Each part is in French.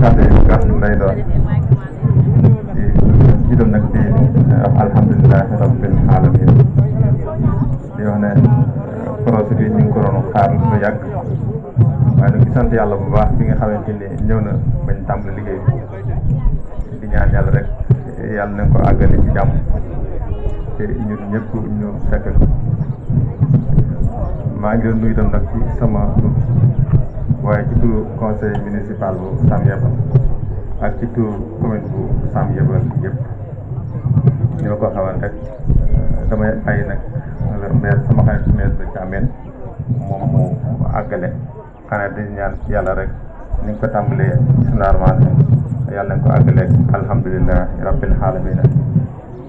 kàddu yu gàtt lay doon di jiital nag di wax alhamdulilahi rabbil alamin di wax ne ñu ko doon xaar lu yàgg waaye nag di sant yàlla bu baax bi nga xamante ni ñëw na bañ tàmbali liggéey di ñaan yàlla rek yàlla nañ ko àggale ci jàmm te ñun ñëpp ñu fekk maa ngi doon nuyu itam nag ci sama waaye ci turu conseil municipal bu Sam Yabal ak ci turu commune bu Sam Yabal yëpp ñu ma ko xamal rek euh, damay bàyyi nag maire sama xarit maire de Thiamène moom mu àggale xanaa di ñaan yàlla rek ni nga ko tàmbalee bisimilah yàlla nañ ko àggale alhamdulilah rabbil alamin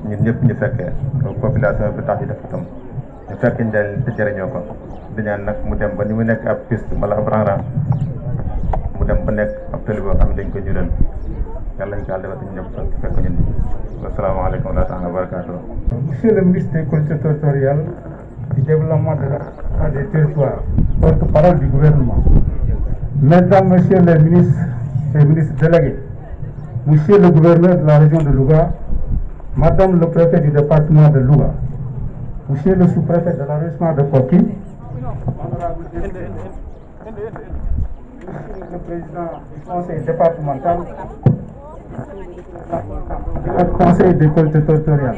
ñun ñëpp ñu fekkee population bi tax yi dafa tam bu fekkee ñu mu dem ba ni mu ab piste ab rang-rang mu dem ba ab xam dañ ko ñu wa wa barakatuh. monsieur le ministre monsieur le gouverneur de la région de Louga madame le préfet du département de Louga Monsieur le sous-préfet de l'arrondissement de Coquille, Monsieur le président du conseil départemental, le conseil d'école territoriale,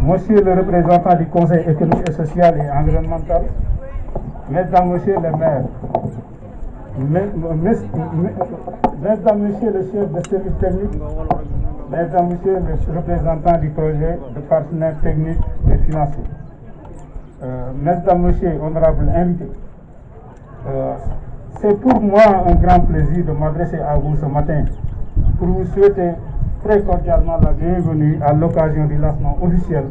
Monsieur le représentant du conseil économique et social et environnemental, Mesdames, Monsieur le maire, Mesdames, Monsieur le chef de service technique, Mesdames, Messieurs, les représentants du projet de partenaires technique et financiers, euh, Mesdames, Messieurs, honorables invités, euh, c'est pour moi un grand plaisir de m'adresser à vous ce matin pour vous souhaiter très cordialement la bienvenue à l'occasion du lancement officiel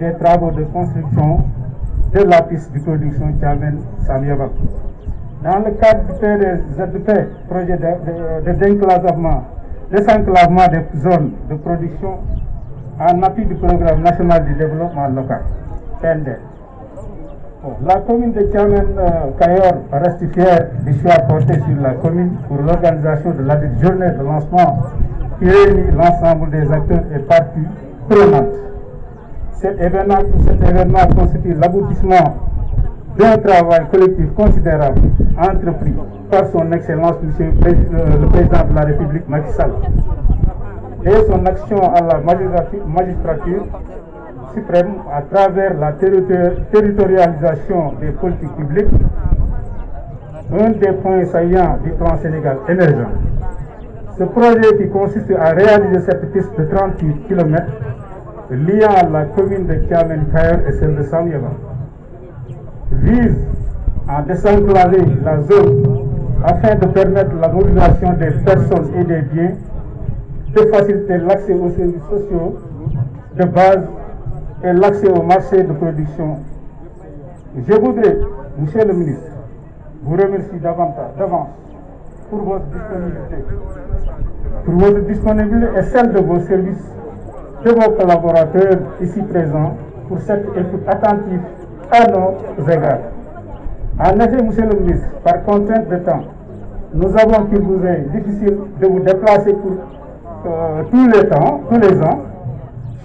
des travaux de construction de la piste de production Tchamen Dans le cadre du projet de, de, désenclavement des zones de production en appui du programme national du développement local, PND. la commune de tiamen euh, Kayor reste fière du choix porté sur la commune pour l'organisation de la journée de lancement qui réunit l'ensemble des acteurs et parties prenantes. Cet événement, cet événement constitue l'aboutissement d'un travail collectif considérable entrepris son Excellence Monsieur euh, le Président de la République Macky et son action à la magistrature, suprême à travers la territorialisation des politiques publiques, un des points saillants du plan Sénégal émergent. Ce projet qui consiste à réaliser cette piste de 38 km liant la commune de Kiamen et celle de Samyela vise à désenclaver la zone afin de permettre la mobilisation des personnes et des biens, de faciliter l'accès aux services sociaux de base et l'accès au marché de production. Je voudrais, Monsieur le ministre, vous remercier davantage, d'avance pour votre disponibilité, pour votre disponibilité et celle de vos services, de vos collaborateurs ici présents, pour cette écoute attentive à nos égards. En effet, Monsieur le ministre, par contrainte de temps, nous avons qu'il vous est difficile de vous déplacer euh, tous les temps, tous les ans,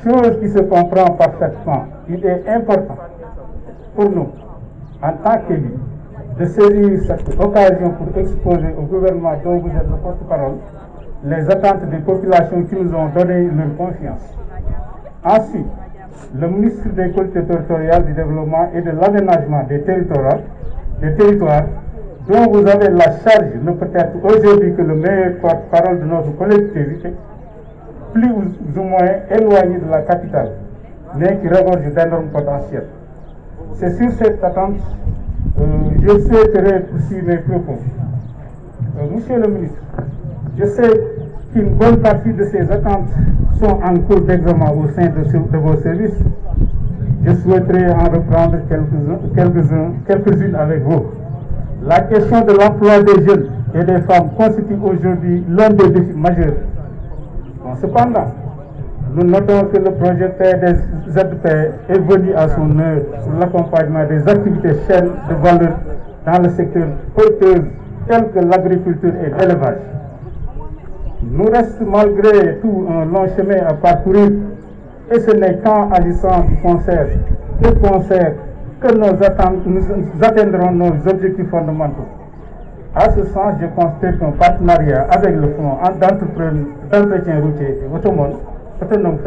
chose qui se comprend parfaitement. Il est important pour nous, en tant qu'élus, de saisir cette occasion pour exposer au gouvernement dont vous êtes le porte-parole les attentes des populations qui nous ont donné leur confiance. Ainsi, le ministre des collectivités territoriales du développement et de l'aménagement des territoires des territoires dont vous avez la charge ne peut être aujourd'hui que le meilleur porte-parole de notre collectivité, plus ou moins éloigné de la capitale, mais qui regorge d'énormes potentiels. C'est sur cette attente que euh, je souhaiterais aussi mes propos. Euh, monsieur le ministre, je sais qu'une bonne partie de ces attentes sont en cours d'examen au sein de vos services, je souhaiterais en reprendre quelques-unes quelques avec vous. La question de l'emploi des jeunes et des femmes constitue aujourd'hui l'un des défis majeurs. cependant, nous notons que le projet des est évolue à son heure pour l'accompagnement des activités chaînes de valeur dans le secteur porteur tel que l'agriculture et l'élevage. Nous reste malgré tout un long chemin à parcourir et ce n'est qu'en agissant du concert, que nous, atteindrons nos objectifs fondamentaux. À ce sens, je constate qu'un partenariat avec le Fonds d'entretien routier autonome, autonome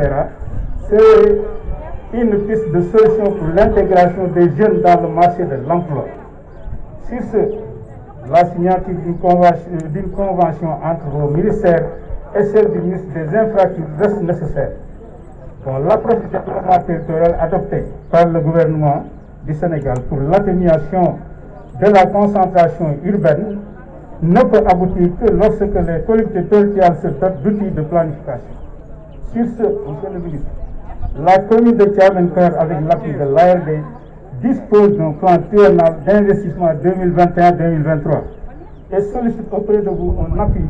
c'est une piste de solution pour l'intégration des jeunes dans le marché de l'emploi. Si ce, la signature d'une convention, entre le ministère et celle du ministre des Infrastructures reste nécessaire l'approche du programme territorial adoptée par le gouvernement du Sénégal pour l'atténuation de la concentration urbaine ne peut aboutir que lorsque les collectivités territoriales se dotent d'outils de planification. Sur ce, Monsieur le ministre, la commune de Tchamenker, avec l'appui de l'ARD, dispose d'un plan triennal d'investissement 2021-2023 et sollicite auprès de vous un appui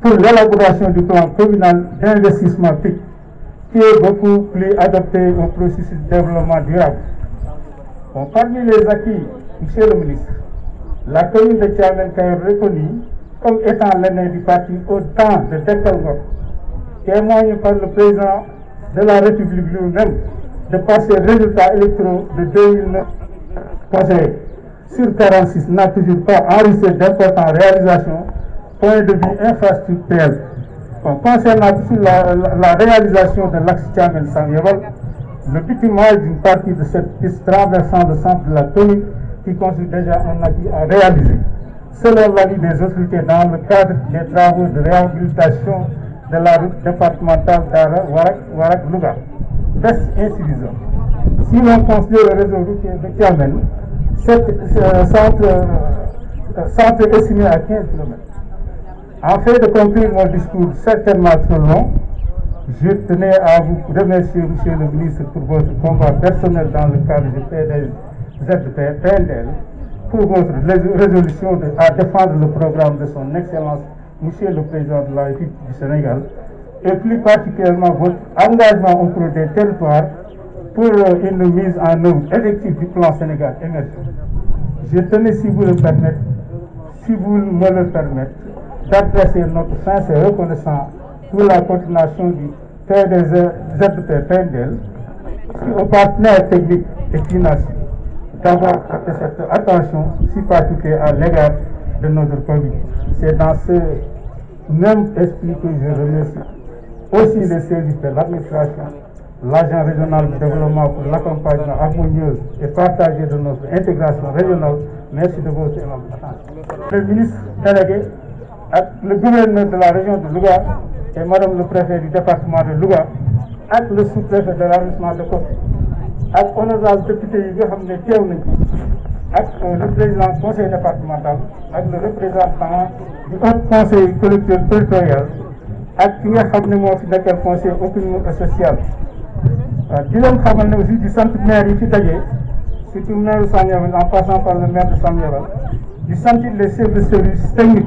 pour l'élaboration du plan communal d'investissement PIC qui est beaucoup plus adapté au processus de développement durable. parmi les acquis, Monsieur le ministre, la commune de qui est reconnue comme étant l'année du parti au temps de Tekalgor, témoigne par le président de la République lui-même de passer résultats électoraux de 2009 sur 46 n'a toujours pas enregistré d'importantes réalisations, point de vue infrastructurel concernant la, réalisation de l'axe Tchamel Sangerol, le mal d'une partie de cette piste traversant le centre de la Toni qui constitue déjà un acquis à réaliser. Selon l'avis des autorités dans le cadre des travaux de réhabilitation de la route départementale d'Ara-Warak-Louga, reste insuffisant. Si l'on considère le réseau routier de Tiamen, ce euh, euh, euh, centre, est centre à 15 km. Afin de conclure mon discours certainement trop long, je tenais à vous remercier, Monsieur le ministre, pour votre combat personnel dans le cadre du PNL, pour votre résolution à défendre le programme de son Excellence, Monsieur le Président de la République du Sénégal, et plus particulièrement votre engagement auprès des territoires pour euh, une mise en œuvre effective du plan Sénégal émergent. Je tenais, si vous le permettez, si vous me le permettez, d'adresser notre sincère reconnaissance pour la continuation du PDZ Pendel, aux partenaires techniques et financiers d'avoir apporté cette attention si particulière à l'égard de notre commune. C'est dans ce même esprit que je remercie aussi les services de l'administration, l'agent régional de développement pour l'accompagnement harmonieux et partagé de notre intégration régionale. Merci de votre attention. Le ministre délégué ak le gouverneur de la région de Louga et madame le préfet du département de Louga ak le sous-préfet de l'arrondissement le Kossy ak honorable député yi nga xam ne teew nañ ak le président conseil départemental ak le représentant du haut conseil collectif territorial ak ki nga xam ne moo fi nekkal conseil économique et euh, leen xamal ne aussi di sant maire yi fi dajee surtout maire Sandiabel en passant par le maire de Sandiabel di sant les chefs de service technique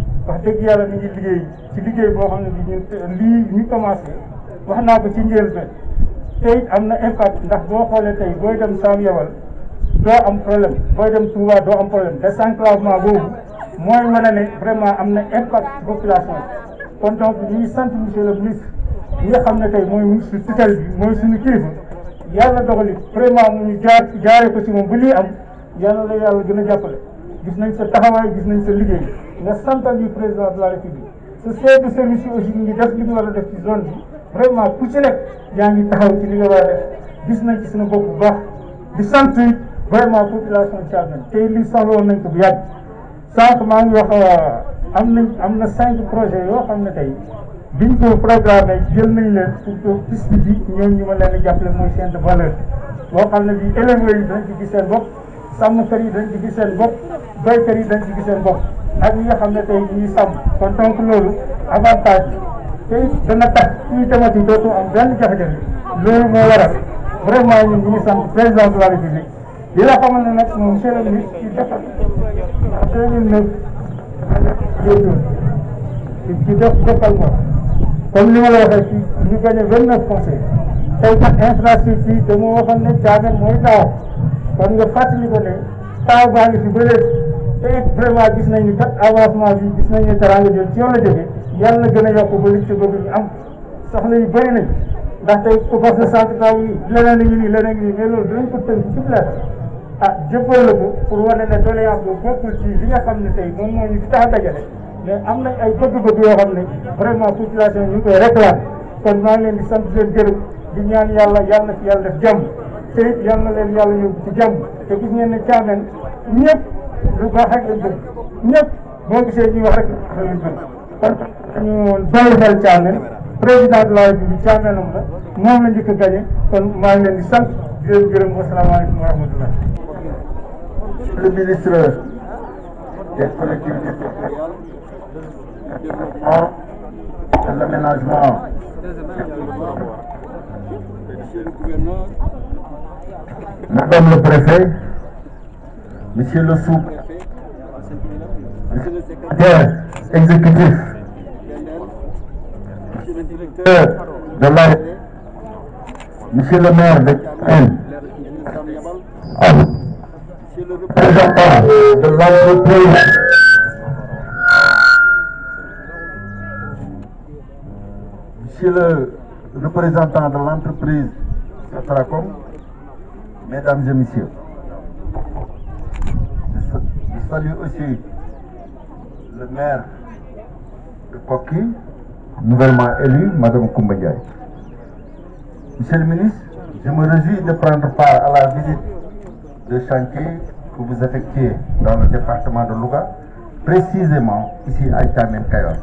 wax dëgg yàlla mi ngi liggéey ci liggéey boo xam ne bi ñun lii ñu commencé wax naa ko ci njëlbeen tey am na impact ndax boo xoolee tey booy dem Sam Yawal doo am problème booy dem Touba doo am problème désenclavement boobu mooy mën a vraiment am na impact population kon donc ñu sant monsieur le ministre ñi nga xam ne tey mooy ministre tutelle bi mooy suñu kilifa yàlla doxali vraiment mu ñu jaar jaaree ko si moom bu lii am yàlla la yàlla gën a jàppale gis nañ sa taxawaay gis nañ sa liggéey nga santal ñu président la république sa chef de service yi aussi ñu ngi def li ñu a def ci zone bi vraiment ku ci nekk yaa ngi taxaw ci li nga war a def gis nañ ci suñu bopp bu baax di sant vraiment population Thiamène tey li soxlawoon nañ ko bu yàgg sànq maa ngi wax euh, am nañ am na cinq projets yoo xam ne tey biñ ko programme jël nañ leen pour que piste bi ñoom ñu ma leen jàppale mooy chaîne de valeur boo xam ne bii éleveurs yi dañ ci gis seen bopp sàmmkat yi dañ ci gis seen bopp béykat yi dañ ci seen bopp ak ñi nga xam ne tey ñuy sàmm kon donc loolu avantage bi tey dana tax suñu tamati dootu am benn jafe-jafe loolu moo waral vraiment ñun ñu ngi sant président de la république di la xamal ne nag moom monsieur le ministre ci defar deux mille neuf ci def defal moom comme li ma la waxee ci ñu gagné vingt neuf conseil ne caagan mooy taaw kon nga fàttali ko Prawa gis kat avancement bi gis nañ ne teraanga jooju ci yoon la jógee yàlla na gën a yokk ba liñ ci bëgg ñu am soxla yu bëri nañ ndax tey commerce de centre taw yi leneen ngi nii leneen ngi nii mais loolu dinañ ko tënk ci place ah jëppal la ko pour wane ne doléance boobu bokkul ci li nga xam ne tey moom moo ñu fi tax a dajale mais am nañ ay bëgg-bëgg yoo xam ne vraiment population ñu ngi koy réclame kon maa ngi leen di sant leen gërëm di ñaan yàlla yàlla na fi yàlla def jàmm te it yàlla na leen yàlla yóbbu ci jàmm te gis ngeen ne caamen ñëpp bu baax rek lañ bëgg ñëpp boo gisee ñuy wax rek lañ bëgg kon ñu bàyyi xel Thiamène président de la République Thiamène am la moom la njëkk a gagné kon maa ngi leen di sant di leen gërëm wasalaamaaleykum wa rahmatullah le ministre des collectivités de l'aménagement madame le préfet Monsieur le sous Monsieur le secrétaire exécutif, Monsieur le directeur de la Monsieur le maire de Monsieur le ah. représentant de l'entreprise, Monsieur le représentant de l'entreprise Satracom, Mesdames et Messieurs, salue aussi le maire de Koki, nouvellement élu, Madame Koumbadiaï. Monsieur le ministre, je me réjouis de prendre part à la visite de chantier que vous effectuez dans le département de Louga, précisément ici à itamen Kayor,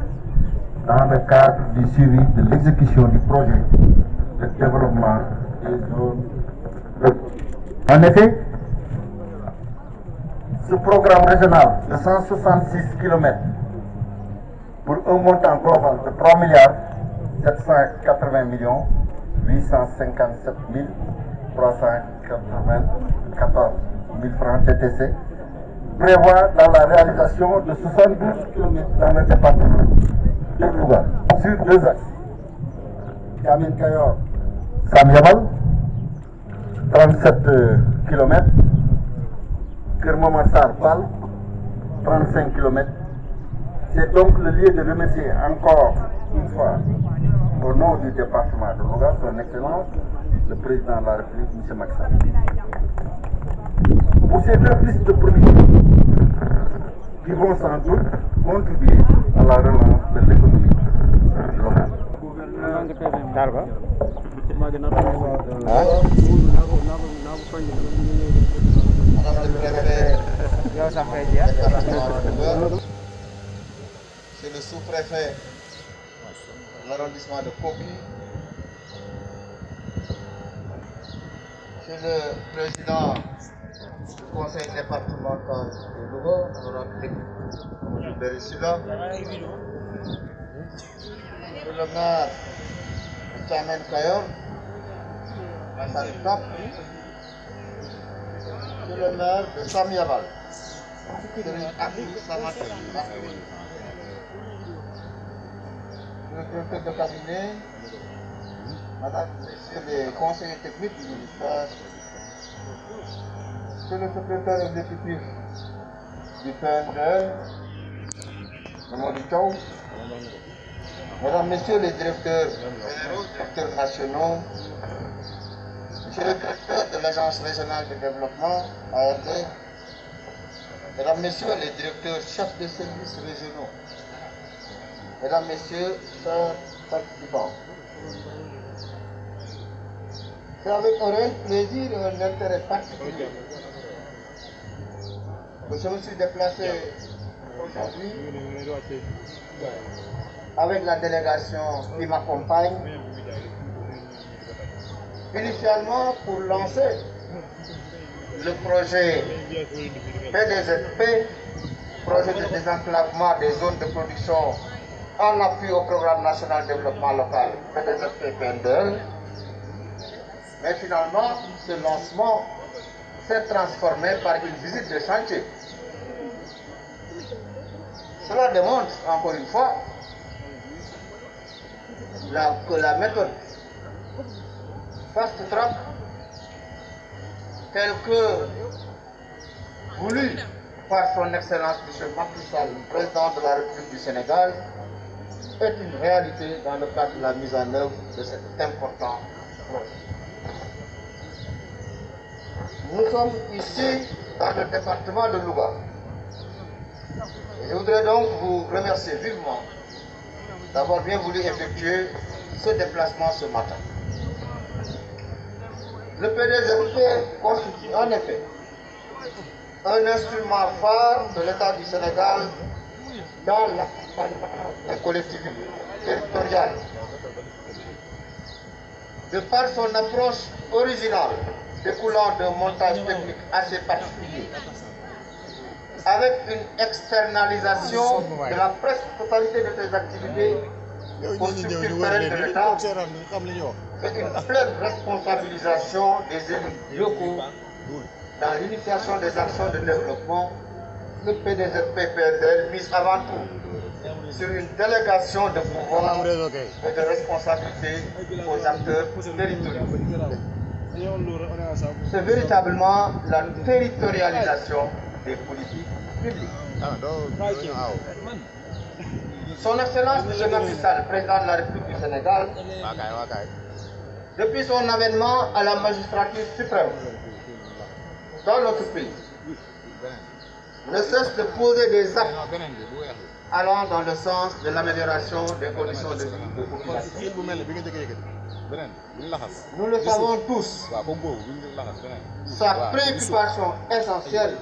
dans le cadre du suivi de l'exécution du projet de développement des zones. En effet, ce programme régional de 166 km pour un montant global de 3 milliards 780 millions 857 francs TTC prévoit dans la réalisation de 72 km dans le département de Louga sur deux axes. Camille Kayor, 37 km Kermama Sarpal, 35 km. C'est donc le lieu de remercier encore une fois, au nom du département de Louga, son Excellence, le Président de la République, M. Maxal. Vous êtes deux pistes de production, qui vont sans doute contribuer à la relance de l'économie locale. C'est le sous-préfet de l'arrondissement de Je C'est le président du conseil départemental de Louga, honorable Bérissula. C'est le maire de Kayor, Massal de l'honneur de le de cabinet, Madame, techniques du ministère, Monsieur le secrétaire exécutif du PNDL, le le Mesdames, Messieurs les directeurs, directeurs nationaux, directeur de l'Agence régionale de développement, ARD, Mesdames, Messieurs les directeurs chefs de services régionaux, Mesdames, Messieurs, chers participants, c'est avec un plaisir et un intérêt particulier que je me suis déplacé aujourd'hui avec la délégation qui m'accompagne Initialement, pour lancer le projet PDZP, projet de désenclavement des zones de production en appui au programme national de développement local, PDZP PENDEL Mais finalement, ce lancement s'est transformé par une visite de chantier. Cela démontre, encore une fois, que la méthode fast track tel que voulu par son excellence M. Macky président de la République du Sénégal, est une réalité dans le cadre de la mise en œuvre de cet important projet. Nous sommes ici dans le département de Louga. Je voudrais donc vous remercier vivement d'avoir bien voulu effectuer ce déplacement ce matin. Le PDZ constitue en effet un instrument phare de l'État du Sénégal dans la collectivité territoriale. De par son approche originale découlant d'un montage technique assez particulier, avec une externalisation de la presque totalité de ses activités c'est une pleine responsabilisation des élus locaux dans l'initiation des actions de développement le pdz mise avant tout sur une délégation de pouvoir ah, et de responsabilité aux acteurs territoriaux. C'est véritablement la territorialisation des politiques publiques. Ah, ah, son Excellence le Général président de la République du Sénégal, depuis son avènement à la magistrature suprême dans notre pays, ne cesse de poser des actes allant dans le sens de l'amélioration des conditions de vie Nous le savons tous, sa préoccupation essentielle,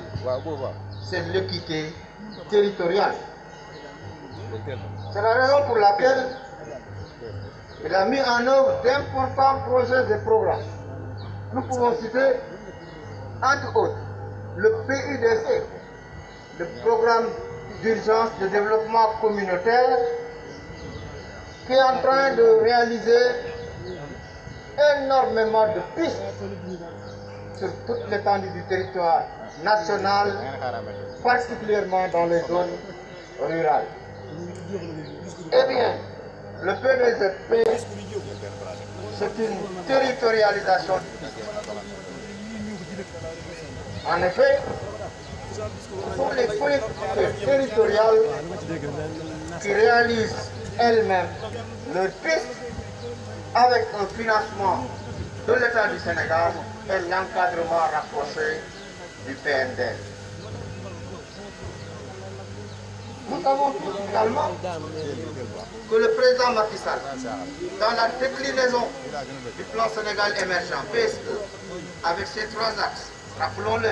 c'est l'équité territoriale. C'est la raison pour laquelle il a mis en œuvre d'importants projets et programmes. Nous pouvons citer, entre autres, le PUDC, le programme d'urgence de développement communautaire, qui est en train de réaliser énormément de pistes sur toute l'étendue du territoire national, particulièrement dans les zones rurales. Eh bien, le PDZP, c'est une territorialisation. En effet, ce les politiques territoriales qui réalisent elles-mêmes leur piste avec un financement de l'État du Sénégal et l'encadrement rapproché du PNDL. Nous savons également que le président Macky dans la déclinaison du plan Sénégal émergent, PSE, avec ses trois axes, rappelons-le,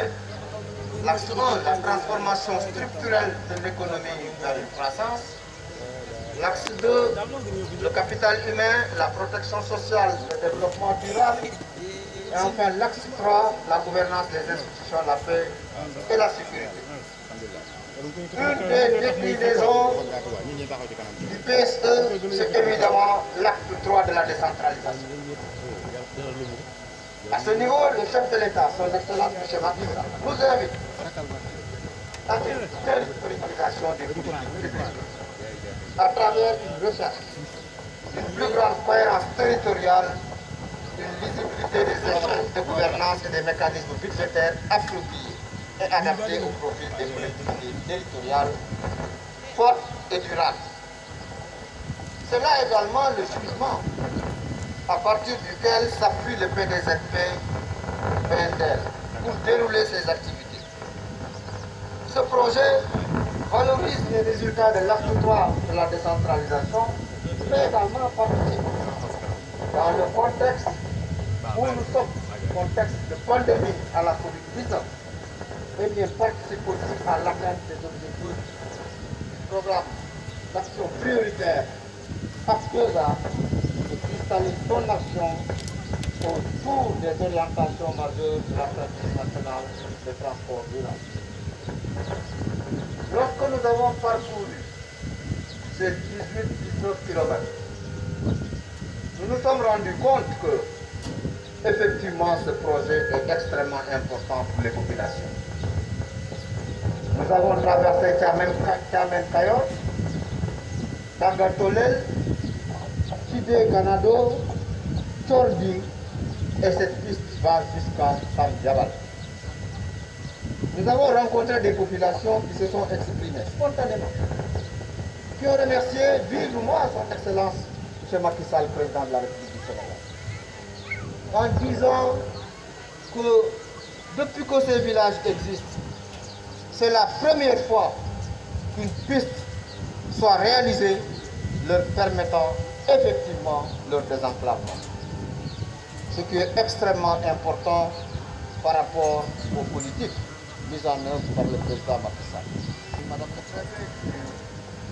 l'axe 1, la transformation structurelle de l'économie dans une croissance, l'axe 2, le capital humain, la protection sociale, le développement durable, et enfin l'axe 3, la gouvernance des institutions, la paix et la sécurité. Une des déclinaisons du PSE, c'est évidemment l'acte 3 de la décentralisation. A ce niveau, le chef de l'État, son excellence M. Matissa, nous invite à une telle priorisation des politiques à travers une recherche d'une plus grande cohérence territoriale, une visibilité des échanges de gouvernance et des mécanismes budgétaires appropriés et adapté au profil des collectivités territoriales fortes et durables. Cela là également le jugement à partir duquel s'appuie le PDZP pour dérouler ses activités. Ce projet valorise les résultats de l'acte de la décentralisation, mais également dans le contexte où nous sommes, contexte de pandémie à la COVID-19 et eh bien, participe aussi à l'atteinte des objectifs du programme d'action prioritaire parce que là, il cristallise son action autour des orientations majeures de la pratique nationale des transports durables. Lorsque nous avons parcouru ces 18-19 km, nous nous sommes rendus compte que effectivement ce projet est extrêmement important pour les populations. Nous avons traversé Kamen Kayo, Dagatolel, chidé Ganado, Tordi, et cette piste va jusqu'à Samdiabal. Nous avons rencontré des populations qui se sont exprimées spontanément, qui ont remercié vivement son Excellence M. Macky Sall, président de la République du Sénégal, en disant que depuis que ces villages existent, c'est la première fois qu'une piste soit réalisée leur permettant effectivement leur désenclavement. Ce qui est extrêmement important par rapport aux politiques mises en œuvre par le président Macky Sall. Madame la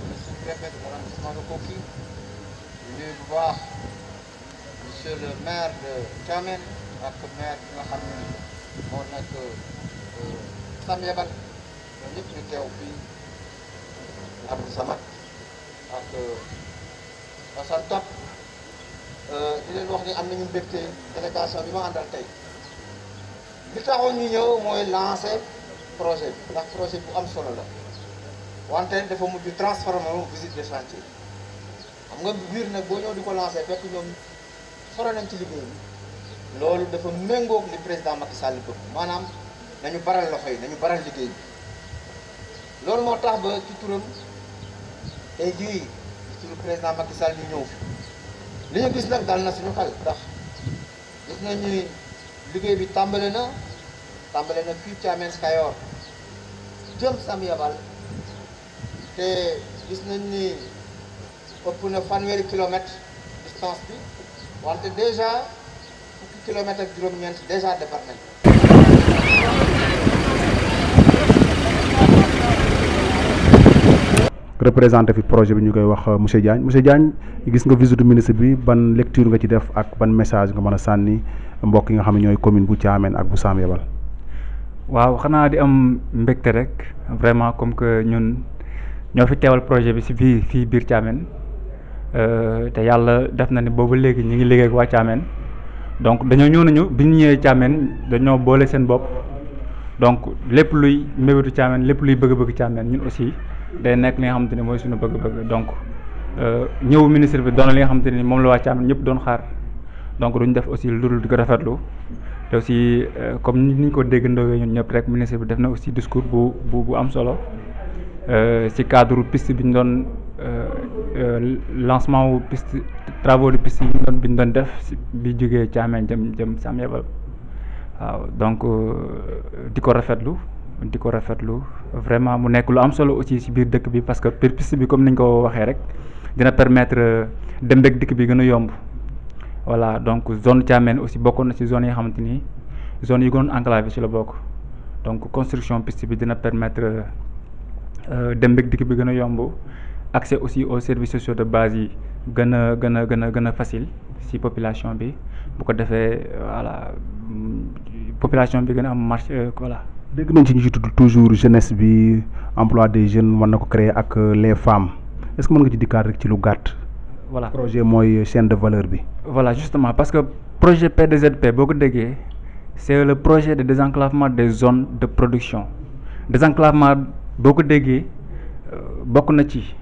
Monsieur le préfet de de Koki, voir monsieur le maire de Kamen, le maire de la a mon Samia Bak. ñun ñëpp ñu teew fii ak Samak ak Assane Top di leen wax ni am nañu mbégte délégation bi ma àndal tey li taxoon ñu ñëw mooy lancer projet bi bu am solo la wante dafa mujj transformé wu visite de chantier xam nga biir nag boo oh, ñëw di ko lancer fekk ñoom sore nañ ci liggéey bi loolu dafa méngoog li président Macky Sall bëgg maanaam nañu baral loxo yi eh, nañu baral liggéey bi. loolu moo tax ba ci turam tey jii suñu président Macky Sall ñu ñëw li ñu gis nag dal na suñu xel ndax gis nañu liggéey bi tàmbale na tàmbale na ci Thiamène Kayor jëm Sam Yabal te gis nañ ni ëpp na fanweeri kilomètre distance bi wante déjà fukki kilomètre ak juróom-ñeent déjà defar représenté fi projet bi ñu koy wax euh, monsieur Diagne monsieur Diagne gis nga visite ministre bi ban lecture nga ci def ak ban message nga mën a sànni mbokk yi nga xam ne ñooy commune bu Thiamène ak bu Sam Yabal. waaw xanaa di am mbégte rek vraiment comme que ñun ñoo fi teewal projet bi si fii fii biir Thiamène euh, te yàlla def na ni boobu léegi ñu ngi liggéey ak waa Thiamène donc dañoo ñëw nañu bi ñu ñëwee Thiamène dañoo boole seen bopp donc lépp luy mbébétu Thiamène lépp luy bëgg-bëgg Thiamène ñun aussi. day nekk li nga xamante ni mooy suñu bëgg-bëgg donc euh, ñëw ministre bi doon li nga xamante ni moom la waa Thiam ñëpp doon xaar donc duñ def aussi lu dul di ko rafetlu te aussi euh, comme ni ñu ko déggandoo ñun ñëpp rek ministre bi def na aussi discours bu bu bu am solo euh, si cadre piste bi ñu doon lancement wu piste travaux de piste yi ñu doon bi ñu doon def bi jógee Thiamène jëm jëm Sam Yabal waaw donc di ko rafetlu di ko rafetlu vraiment mu nekk lu am solo aussi si biir dëkk bi parce que purpose bi comme niñ ko waxee rek dina permettre dem beeg dikk bi gën a yomb voilà donc zone Thiamène aussi bokkoon na si zone yi xamante ni zone yi gën enclavé ci la bokk donc construction piste bi dina permettre euh, dem beeg dikk bi gën a yomb accès aussi aux services sociaux de base yi gën a gën a gën a gën a facile si population bi bu ko defee voilà population bi gën a am marché euh, voilà dégg nañ ci ñu ci toujours jeunesse bi emploi des jeunes mën na créer ak euh, les femmes est-ce que mën nga ci dikkaat rek ci lu gàtt. voilà projet mooy chaîne de valeur bi. voilà justement parce que projet PDZP c'est le projet de désenclavement des zones de production désenclavement boo ko déggee euh, bokk na ci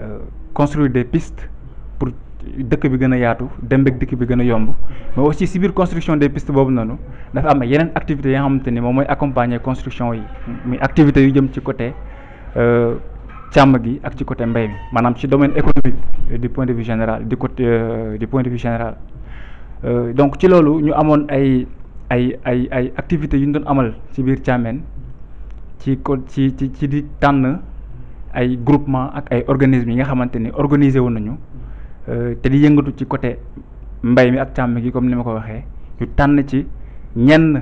euh, construire des pistes. dëkk bi gën a yaatu dem beeg dikk bi gën a yomb mais aussi si biir construction des pistes boobu noonu dafa am yeneen activités yoo xamante ni moom mooy accompagner construction yi muy activité yu jëm ci côté euh, càmm gi ak ci côté mbay mi maanaam ci domaine économique euh, du point de vue général du côté euh, du point de vue général donc ci loolu ñu amoon ay ay ay ay activités yu ñu doon amal ci biir càmmen ci ko ci ci ci di tànn ay groupement ak ay organismes yi nga xamante ni organiser wu nañu te di yëngatu ci côté mbay mi ak cham gi comme nima ko waxee ñu tan ci ñen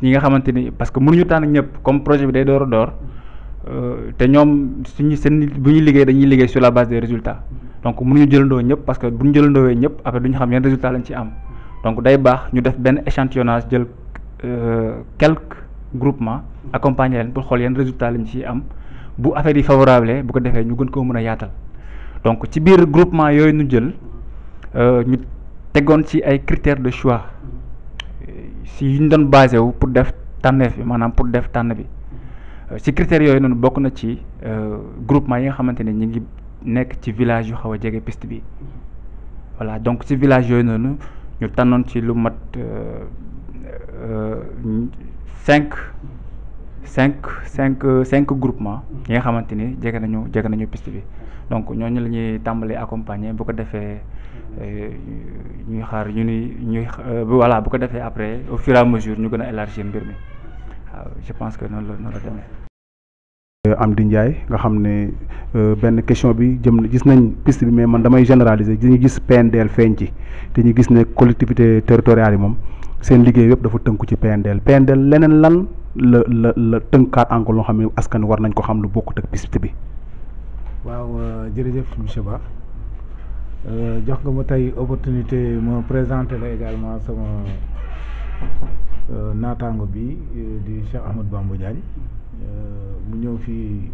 ñi nga xamanteni parce que mënu ñu tan ñëpp comme projet bi day door door euh te ñom suñu sen bu ñuy liggéey dañuy liggé sur la base des résultats donc mënu ñu jëlandoo ñëpp parce que bu ñu wé ñëpp après duñ xam yan résultat lañ ci am donc day baax ñu def ben échantillonnage jël euh quelques groupements accompagner len pour xol yeen résultat lañ ci am bu affaire yi favorable bu ko défé ñu gën ko mëna yaatal donc ci biir groupement yooyu nu jël euh, ñu tegoon ci ay critères de choix si yu ñu doon basé wu pour def tànneef bi maanaam pour def tànn bi euh, ci critères yooyu noonu bokk na ci euh, groupement yi nga xamante ne ñu ngi nekk ci village yu xaw a jege piste bi voilà donc ci village yooyu noonu ñu tànnoon ci lu mat cinq cinq cinq cinq groupement yi nga xamante ni jege nañu jege nañu pist bi donc ñooñu la ñuy tàmbali accompagner bu ko defee euh, ñuy xaar ñu ni ñuy euh, voilà bu ko defee après au fur et à mesure ñu gën a élargir mbir mi je pense que noonu la noonu la demee. Euh, Amdi Ndiaye nga xam ne benn question bi jëm na gis nañ piste bi mais man damay généraliser dañu gis PNDL feeñ ci te ñu gis ne collectivité territoriale yi moom seen liggéey yëpp dafa tënku ci PNDL PNDL leneen lan la la la tënkaat encore loo xam ne askan war nañ ko xam lu bokkut ak piste bi. waaw euh, jërëjëf monsieur Ba euh, jox nga ma tey opportunité ma présenter la également sama euh, naataango bi di Cheikh Ahmed Bamba Diagne mu ñëw fii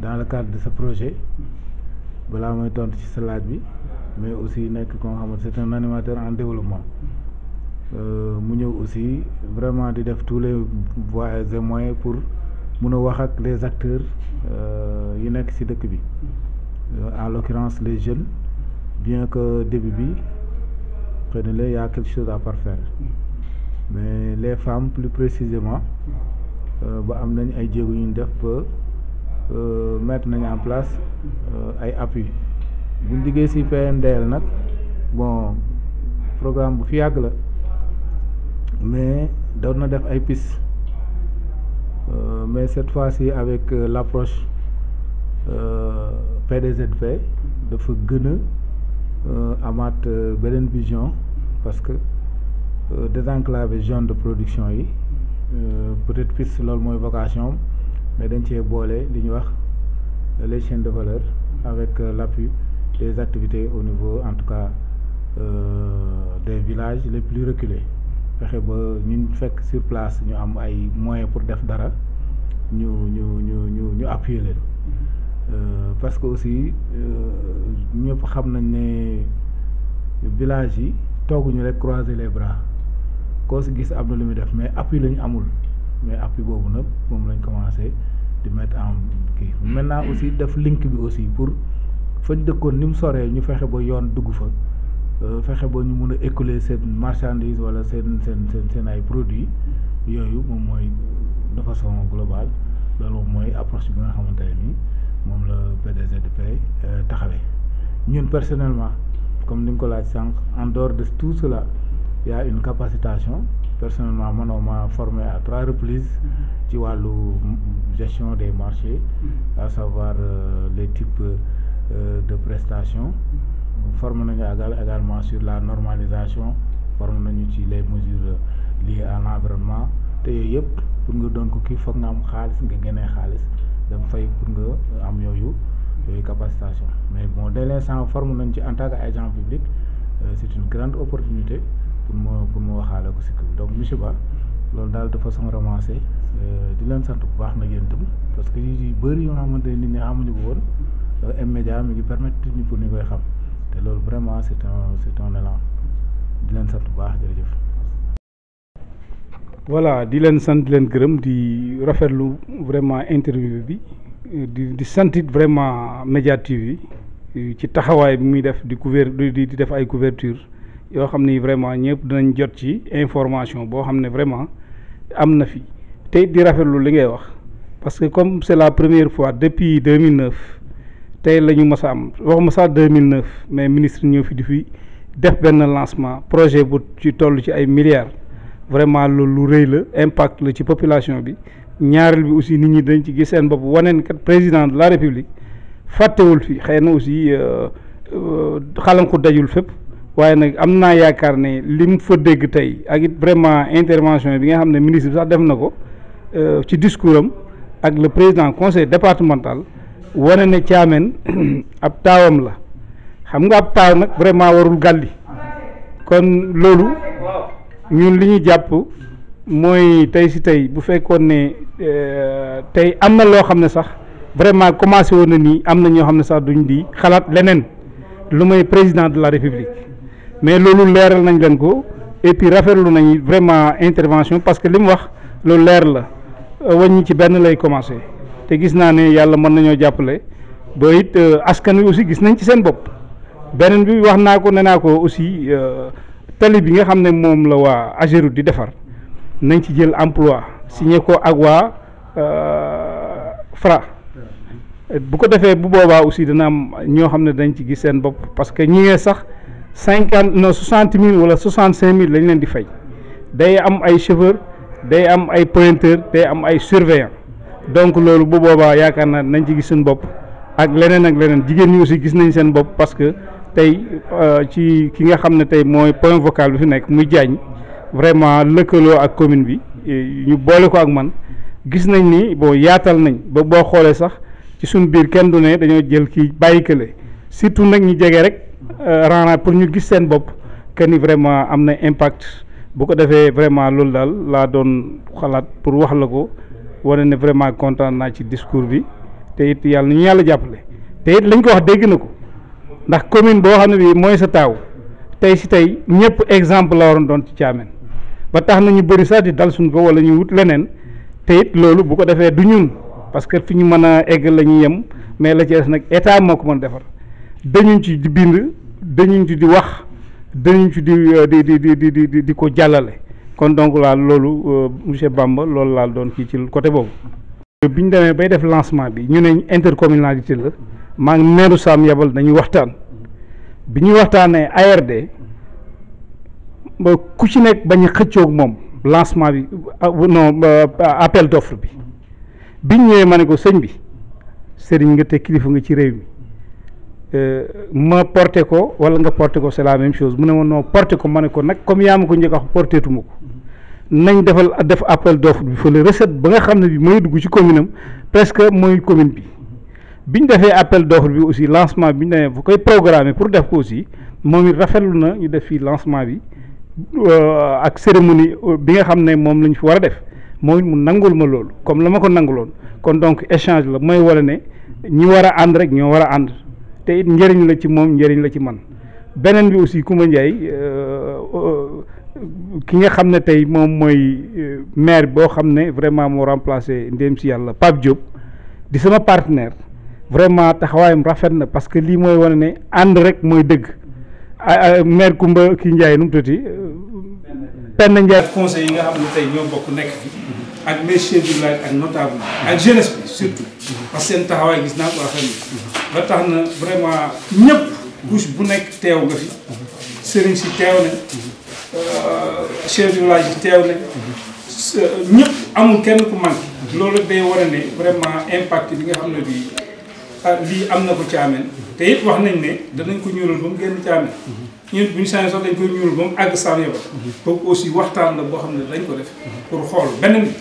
dans le cadre de ce projet balaa may tontu ci sa bi mais aussi nekk ko nga xamante c'est un animateur en développement. Euh, mu aussi vraiment di def tous les voies et moyens pour mëna wax ak les acteurs euh, yi nekk ci dëkk bi euh, en l'occurrence les jeunes bien que début bi xëy il y a quelque chose à parfaire mais les femmes plus précisément ba am nañ ay jéego ñu def ba mettre nañ en place ay appui buñ diggé ci PNDL nak bon programme bu fi yàgg la mais euh, mais cette fois-ci avec euh, l'approche euh, de dafa gagner euh, à amaat vision parce que des enclaves jeunes de production peut-être plus leur vocation mais d'un tiers les chaînes de valeur avec l'appui des activités au niveau en tout cas des villages les plus reculés fexe ba ñun fekk sur place ñu am ay moyens pour def dara ñu ñu ñu ñu ñu appuyer leen euh, parce que aussi euh, ñëpp xam nañ ne village yi tooguñu rek croiser les bras koo si gis am na lu muy def mais appui la amul mais appui boobu nag moom lañ commencé di mettre en kii maintenant aussi def link bi aussi pour fañ dëkkoon ni mu soree ñu fexe ba yoon dugg fa euh, fexe ba ñu nous a écouler seen marchandise wala seen ay produits yooyu moom mooy de façon globale loolu moom mooy approche bi nga xamante ni moom la PDG de Paix ñun personnellement comme ni nga ko en dehors de tout cela il y a une capacitation personnellement mënoo ma formé à trois reprises ci wàllu gestion des marchés à savoir euh, les types euh, de prestations forme nañu également sur la normalisation forme nañu ci les mesures liées en l'environnement te yooyu yëpp pour nga doon ko kii foog nga am xaalis nga génnee xaalis dem fay pour nga am yooyu yooyu capacitation mais bon dès l'instant forme nañ ci en tant que agent public euh, c'est une grande opportunité pour ma pour ma waxaale ko si donc monsieur Ba loolu daal de façon romancée euh, di leen sant bu baax na yéen itam parce que yu bëri yoo xamante ne nit ñi xamuñu ko woon euh, m mi ngi permettre nit pour ñu koy xam. te loolu vraiment c'est un c'est un élan di leen sant bu baax voilà di leen sant di leen gërëm di rafetlu vraiment interview bi di di santit vraiment Média TV yi ci taxawaay bi muy def di couvert di def ay couverture Yo xamni vraiment ñëpp dinañ jot ci information bo xam vraiment am na fi tay di rafetlu li ngay wax parce que comme c'est la première fois depuis 2009 tey la ñu mës a am waxuma sax 2009 mais ministre ñëw fi di fi def benn lancement projet bu ci toll ci ay milliards vraiment loolu lu rëy la impact la ci population bi ñaareel bi aussi nit ñi dañ ci gis seen bopp waneen kat président de la république fàttewul fi xëy na aussi euh, euh, xalam ko dajul fépp waaye nag am naa yaakaar ne fa dégg tey ak it vraiment intervention bi nga xam ne ministre bi sax def na ko euh, ci discours am ak le président conseil départemental ne le ab taawam la xam nga ab taaw nag vraiment warul kon ñun commencé président de la république mais nañ ko et puis nañ vraiment intervention parce que li mu wax la euh, commencé. te gis naa ne yàlla mën nañoo jàppale ba it euh, askan wi aussi gis nañ ci seen bopp beneen bi wax naa ko ne naa ko aussi euh, tali bi nga xam ne moom la waa Ageroute di defar nañ ci jël emploi signé ko ak waa euh, Fra bu ko defee bu boobaa aussi dana am ñoo xam ne dañ ci gis seen bopp parce que ñi ngee sax cinquante non soixante mille wala soixante cinq mille lañ leen di fay day am ay chauffeur day am ay pointeur day am ay surveillant donc loolu bu boobaa yaakaar naa nañ ci gis suñu bopp ak leneen ak leneen jigéen ñi aussi gis nañ seen bopp parce que tey euh, ci ki nga xam ne tey mooy point vocal bi fi nekk muy jaañ vraiment lëkkaloo ak commune bi ñu boole ko ak man gis nañ ni boo yaatal nañ ba boo xoolee sax ci suñu biir kenn du ne dañoo jël kii bàyyi kële surtout nag ñu jege rek euh, rana pour ñu gis seen bopp kenn vraiment am na impact bu ko defee vraiment loolu daal laa doon xalaat pour wax la ko. wone ne vraiment content na ci discours bi te it yalla ñu yalla jàppale te it lañ ko wax dégg na ndax commune bo xam bi moy sa taw tay ci tay ñepp exemple la waron don ci caamen ba tax na ñu bëri sa di dal suñ ko wala ñu wut leneen te it lolu bu ko defee du ñun parce que fiñu mëna égg lañu yëm yem mais la ci des nak état moko mëna défar defar ci di bind dañu ci di wax dañu ci euh, di di di di di di ko jàllale kon donc laa loolu euh, monsieur Bamba loolu laal doon kii ci côté boobu. bi ñu demee bay def lancement bi ñu ne intercommunalité la maa ngi meeru Sam yabal dañuy waxtaan bi ñuy waxtaanee ARD ba ku ci nekk bañ a moom lancement bi ah, non euh, appel d'offre bi biñ ñëwee ma ne ko sëñ bi sëriñ nga te kilifa nga ci réew mi. Euh, ma porte ko wala nga porte ko c'est la même chose mu ne woon non porté ko ma ne ko nag comme yaa ma ko njëkk wax porté tuma ko nañ defal def appel d'offre bi fële recette ba nga xam ne bi mooy dugg ci commune am presque mooy commune bi bi ñu defee appel d'offre bi aussi lancement bi ñu demee bu koy programmer pour def ko aussi moom it rafetlu na ñu def fii lancement bi euh, ak cérémonie euh, bi nga xam ne moom lañ fi war a def moom mu nangul ma loolu comme la ma ko nanguloon kon donc échange la mooy wala ne ñi war a ànd rek ñoo war a ànd te it njëriñ la ci moom njëriñ la ci man beneen bi aussi Coumba Ndiaye euh, euh, ki nga xam ne tey moom mooy euh, maire boo xam ne vraiment moo remplacé ndéem si yàlla Pape Diop di sama partenaire vraiment taxawaayam rafet na parce que lii mooy wane ne ànd rek mooy dëgg maire Coumba kii Ndiaye nu mu tuuti Penda conseil yi nga xam ne tey ñoo bokk nekk ak mes chefs du ak notable ak jeunesse bi surtout parce que seen taxawaay gis naa ko affaire bi ba tax na vraiment ñëpp couche bu nekk teew nga fi sëriñ si teew ne euh, chef du village teew ne euh, ñëpp amul kenn ku manqué loolu day war ne vraiment impact bi nga xam ne bii lii am na ko caameen te it wax nañ ne danañ ko ñuulal ba mu génn caameen ñun bu ñu sañee sax dañ koy ñuulal ba mu àgg saam yabal boobu aussi waxtaan la boo xam ne dañ ko def pour xool beneen bi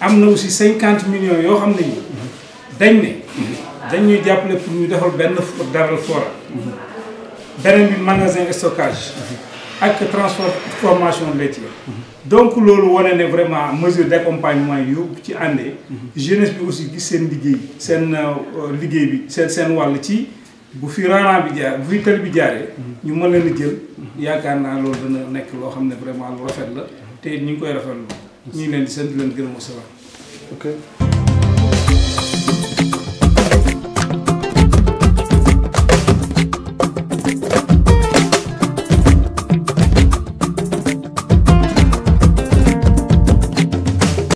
am na aussi cinquante millions yoo xam ne ñi dañ ne dañ ñuy jàppale pour ñu defal benn daral fora beneen bi magasin stockage ak transformation laitière donc loolu wane ne vraiment mesure d' accompagnement yu ci àndee. jeunesse bi aussi gis seen liggéey seen euh, liggéey bi seen seen wàll ci bu fi raana bi jaar bu fi tël bi jaaree. ñu ma leen a jël. yaakaar naa loolu dana nekk loo xam ne vraiment lu rafet la te ñu ngi koy rafetlu. ñu ngi leen di sant di leen gërëm au